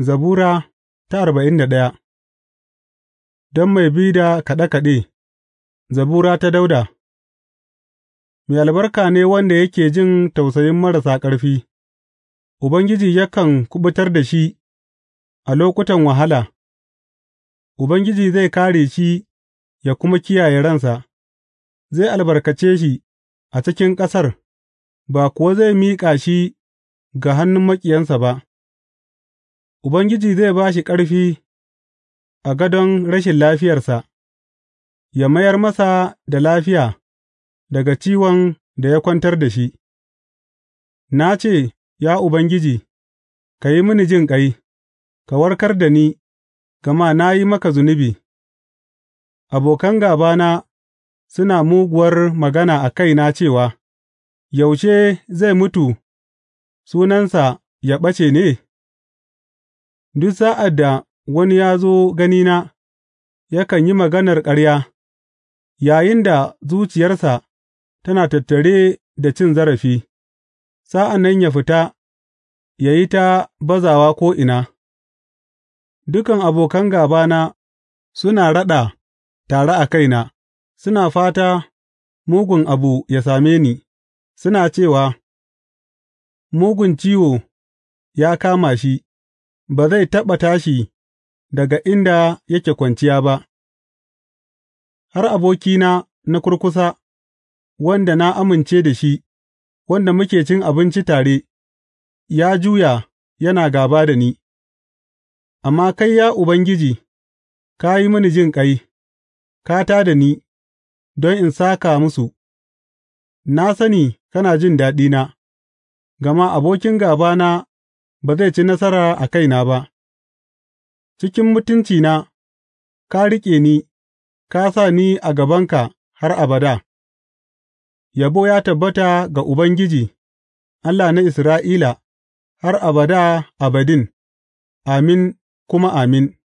Zabura ta arba'in da ɗaya. Don mai bi da kaɗe kaɗe Zabura ta Dauda Mai albarka ne wanda yake jin tausayin marasa ƙarfi, Ubangiji yakan kubutar da shi a lokutan wahala; Ubangiji zai kare shi ya kuma kiyaye ransa, zai albarkace shi a cikin ƙasar ba kuwa zai miƙa shi ga hannun maƙiyansa ba. Ubangiji zai ba shi ƙarfi a gadon rashin lafiyarsa, ya mayar masa da lafiya daga ciwon da ya kwantar da shi; na ce, Ya Ubangiji, ka yi mini jinƙai, ka warkar da ni, gama na yi maka zunubi, abokan gābana suna muguwar magana a kaina cewa, Yaushe zai mutu sunansa ya ɓace ne? Duk sa'ad da wani ya zo ganina, yakan yi maganar ƙarya, yayinda zuciyarsa tana tattare da cin zarafi, sa'an nan ya fita ya yi ta bazawa ko'ina; dukan abokan gābana suna raɗa tare a kaina, suna fata mugun abu ya same ni, suna cewa, Mugun ciwo ya kama shi. ba zai taɓa tashi daga inda yake kwanciya ba, har abokina na kurkusa, wanda na amince da shi, wanda muke cin abinci tare, ya juya yana gaba da ni, amma kai, ya Ubangiji, ka yi mini ƙai, ka tā da ni, don in sāka musu, na sani kana jin daɗina, gama abokin gābana ba zai ci nasara a kaina ba; cikin mutuncina ka riƙe ni ka sa ni a gabanka har abada, Yabo ya tabbata ga Ubangiji, Allah na Isra'ila, har abada abadin, Amin kuma Amin.